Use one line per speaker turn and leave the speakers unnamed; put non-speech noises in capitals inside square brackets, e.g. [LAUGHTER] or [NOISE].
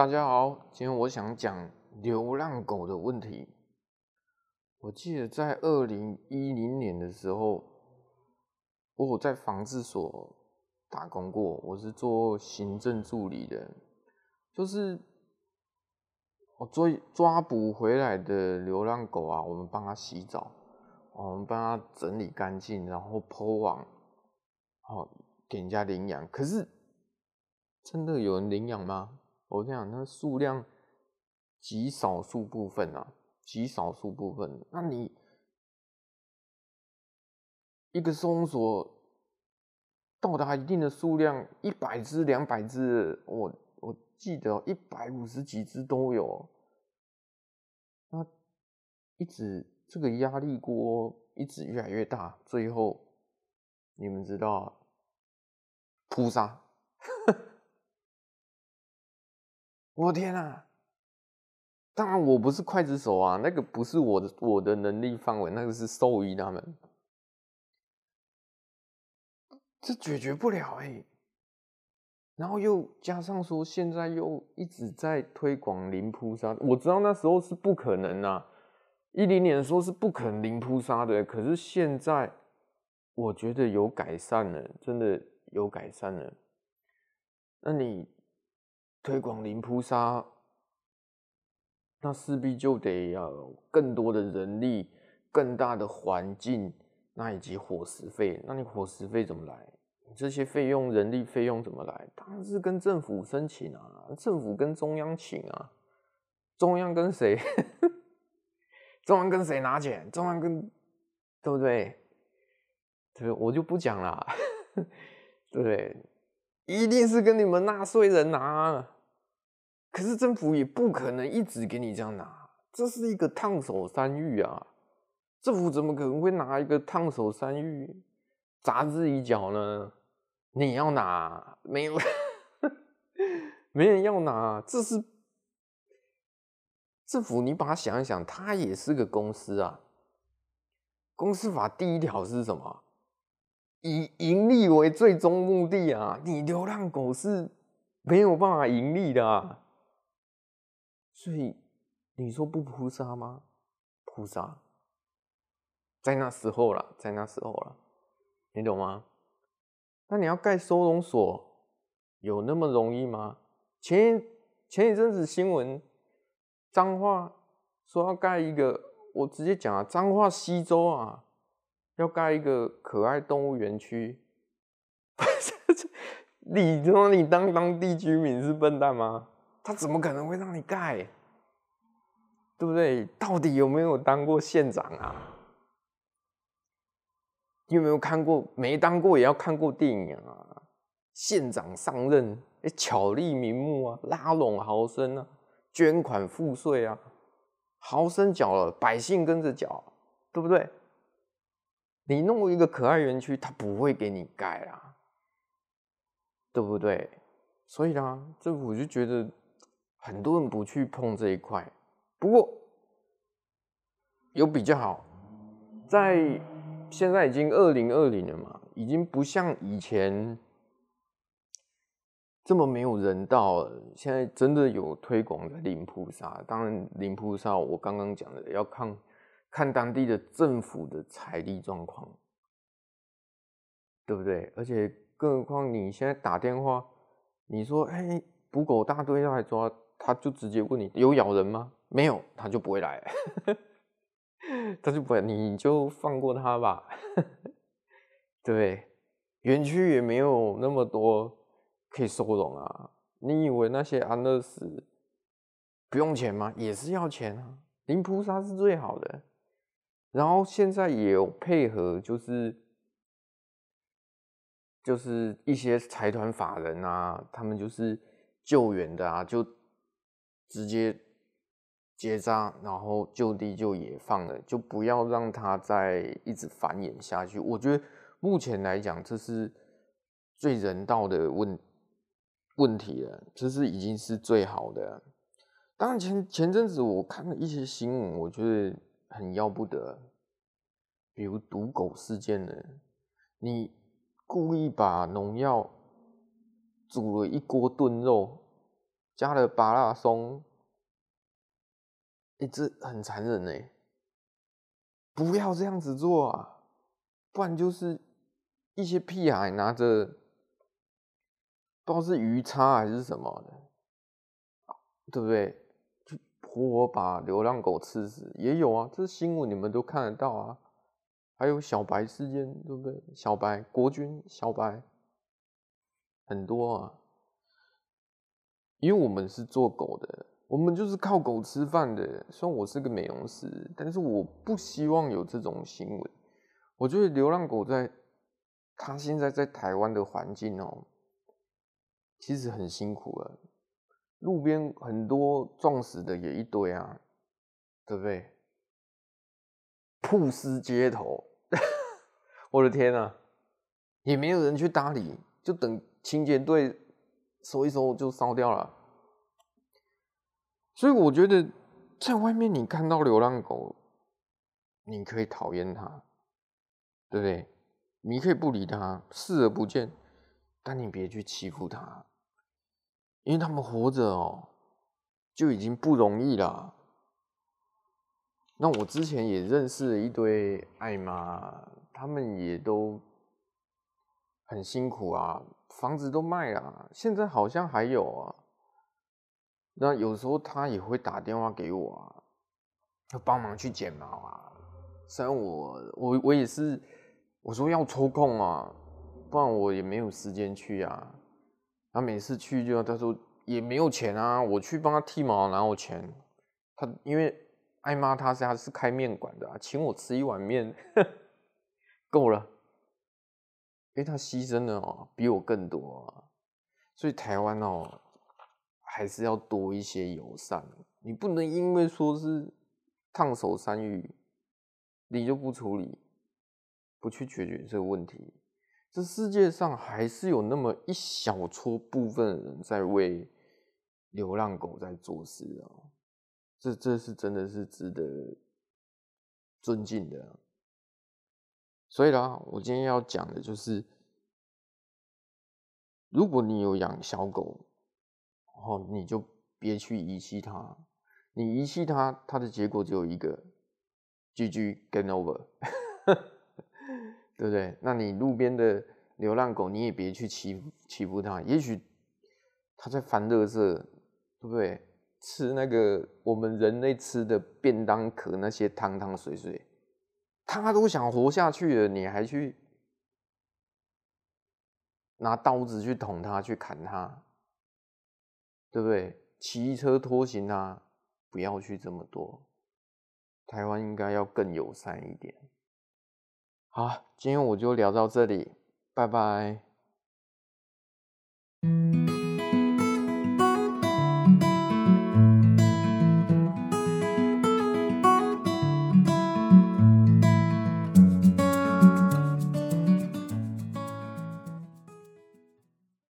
大家好，今天我想講流浪狗的問題。我記得在二零一零年的時候，我，我在防治所打工過，我是做行政助理的，就是我抓抓捕回來的流浪狗啊，我們幫它洗澡，我們幫它整理乾淨，然後鋪網，好，給人家領養。可是真的有人領養嗎？我跟你講，它數量極少數部分啊，極少數部分，那你一個搜索到達一定的數量100隻，一百只、兩百只，我我記得一百五十幾只都有。那一直這個壓力鍋一直越來越大，最後你們知道，撲殺。我天啊，當然我不是劊子手啊，那個不是我的我的能力範圍，那個是獸醫他們，這解決不了哎、欸。然後又加上說，現在又一直在推廣零撲殺，我知道那時候是不可能啊。一零年的時候是不可能零撲殺的，可是現在我覺得有改善了，真的有改善了。那你？推廣零撲殺，那勢必就得要更多的人力、更大的環境，那以及伙食費。那你伙食費怎麼來？這些費用、人力費用怎麼來？當然是跟政府申請啊，政府跟中央請啊，中央跟誰？ [LAUGHS] 中央跟誰拿錢？中央跟對不對？對，我就不講了。對。一定是跟你們納稅人拿啊，可是政府也不可能一直給你這樣拿，這是一個燙手山芋啊！政府怎麼可能會拿一個燙手山芋砸自己腳呢？你要拿，沒有， [LAUGHS] 沒人要拿，這是政府，你把它想一想，它也是個公司啊！公司法第一條是什麼？以盈利為最終目的啊！你流浪狗是沒有辦法盈利的啊，所以你說不撲殺嗎？撲殺，在那時候了，在那時候了，你懂嗎？那你要蓋收容所，有那麼容易嗎？前前一陣子新聞彰化說要蓋一個，我直接講啊，彰化溪州啊。要蓋一個可愛動物園區， [LAUGHS] 你說你當當地居民是笨蛋嗎？他怎麼可能會讓你蓋？對不對？到底有沒有當過縣長啊？你有沒有看過？沒當過也要看過電影啊！縣長上任，欸，巧立名目啊，拉攏豪紳啊，捐款賦稅啊，豪紳繳了，百姓跟着繳，對不對？你弄一個可愛園區，它不會給你蓋啦、啊，對不對？所以啦，這我就覺得很多人不去碰這一塊。不過有比較好，在現在已經二零二零了嘛，已經不像以前這麼沒有人道了。現在真的有推廣的零撲殺，當然零撲殺我剛剛講的要看。看當地的政府的財力狀況，對不對？而且更何況你現在打電話，你說：“哎，捕狗大隊要來抓，他就直接問你有咬人嗎？沒有，他就不會來， [LAUGHS] 他就不會，你就放過他吧。 [LAUGHS] ”對，園區也沒有那麼多可以收容啊。你以為那些安樂死不用錢嗎？也是要錢啊。零撲殺是最好的。然後現在也有配合，就是就是一些財團法人啊，他們就是救援的啊，就直接結紮，然後就地就野放了，就不要讓它再一直繁衍下去。我覺得目前來講，這是最人道的問問題了，這是已經是最好的。當然，前前陣子我看了一些新聞，我覺得。很要不得，比如毒狗事件呢，你故意把農藥煮了一鍋燉肉，加了巴拉松，欸，一直很殘忍呢、欸。不要這樣子做啊，不然就是一些屁孩拿着不知道是魚叉還是什麼的，對不對？活活把流浪狗吃死也有啊，這是新聞，你們都看得到啊。還有小白事件，對不對？小白、國軍、小白，很多啊。因為我們是做狗的，我們就是靠狗吃飯的。雖然我是個美容師，但是我不希望有這種新聞。我覺得流浪狗在它現在在台灣的環境哦，其實很辛苦了。路邊很多撞死的也一堆啊，對不對？曝屍街頭， [LAUGHS] 我的天吶、啊，也沒有人去搭理，就等清潔隊收一收就燒掉了。所以我覺得，在外面你看到流浪狗，你可以討厭它，對不對？你可以不理它，視而不見，但你別去欺負它因為他們活着哦，就已經不容易了。那我之前也認識了一堆愛媽，他們也都很辛苦啊，房子都賣了，現在好像還有啊。那有時候他也會打電話給我啊，要幫忙去剪毛啊。雖然我我我也是，我說要抽空啊，不然我也沒有時間去呀、啊。他每次去就要他說也沒有錢啊，我去幫他剃毛哪有錢？他因為愛媽他家是，是開麵館的、啊，請我吃一碗麵夠了。哎、欸，他犧牲了哦、喔、比我更多啊，所以台灣哦、喔、還是要多一些友善。你不能因為說是燙手山芋，你就不處理，不去解決這個問題。這世界上還是有那麼一小撮部分的人在為流浪狗在做事啊這，這這是真的是值得尊敬的，啊。所以啦，我今天要講的就是，如果你有養小狗，哦，你就別去遺棄它，你遺棄它，它的結果只有一個，GG game over。 [LAUGHS] 對不對？那你路邊的流浪狗，你也別去欺負欺負它。也許它在翻垃圾，對不對？吃那個我們人類吃的便當殼，那些湯湯水水，它都想活下去了。你還去拿刀子去捅它，去砍它，對不對？騎車拖行它，不要去這麼多。台灣應該要更友善一點。好，今天我就聊到這裡，拜拜。